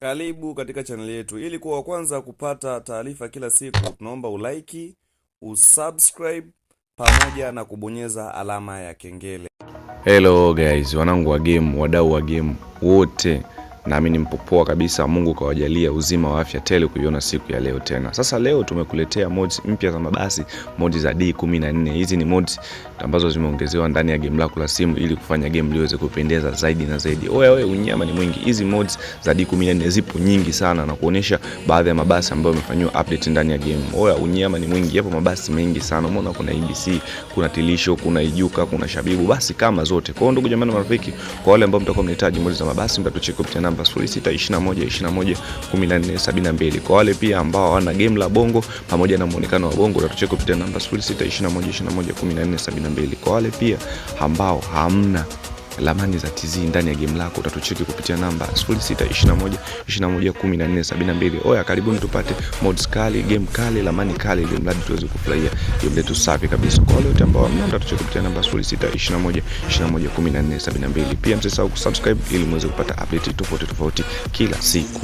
Karibu katika chaneli yetu. Ili kuwa wa kwanza kupata taarifa kila siku, tunaomba ulaiki, usubscribe pamoja na kubonyeza alama ya kengele. Hello guys, wanangu wa game, wadau wa game wote naamini mpopoa kabisa, Mungu kawajalia uzima wa afya tele kuiona siku ya leo tena. Sasa leo tumekuletea mods mpya za mabasi, mods za D14. Hizi ni mods ambazo zimeongezewa ndani ya game lako la simu ili kufanya game liweze kupendeza zaidi na zaidi. Oya we, unyama ni mwingi. Hizi mods za D14 zipo nyingi sana na kuonesha baadhi ya mabasi ambayo yamefanyiwa update ndani ya game. Oya, unyama ni mwingi. Yapo mabasi mengi sana. Umeona kuna ABC, kuna Tilisho, kuna Ijuka, kuna Shabibu, basi kama zote. Kwa hiyo ndugu jamani marafiki, kwa wale ambao mtakuwa mnahitaji mods za mabasi mtatucheki kupitia namba namba 0621211472 kwa wale pia ambao hawana game la bongo pamoja na muonekano wa bongo utatuchia kupitia namba 0621211472 kwa wale pia ambao hamna lamani za TZ ndani ya game lako, utatucheki kupitia namba 0621211472. Oya, karibuni tupate mods kali, game kali, lamani kali, ili mradi tuweze kufurahia game letu safi kabisa. Kwa wale wote ambao hamna, mtatucheki kupitia namba 0621211472. Pia msisahau kusubscribe ili muweze kupata update tofauti tofauti kila siku.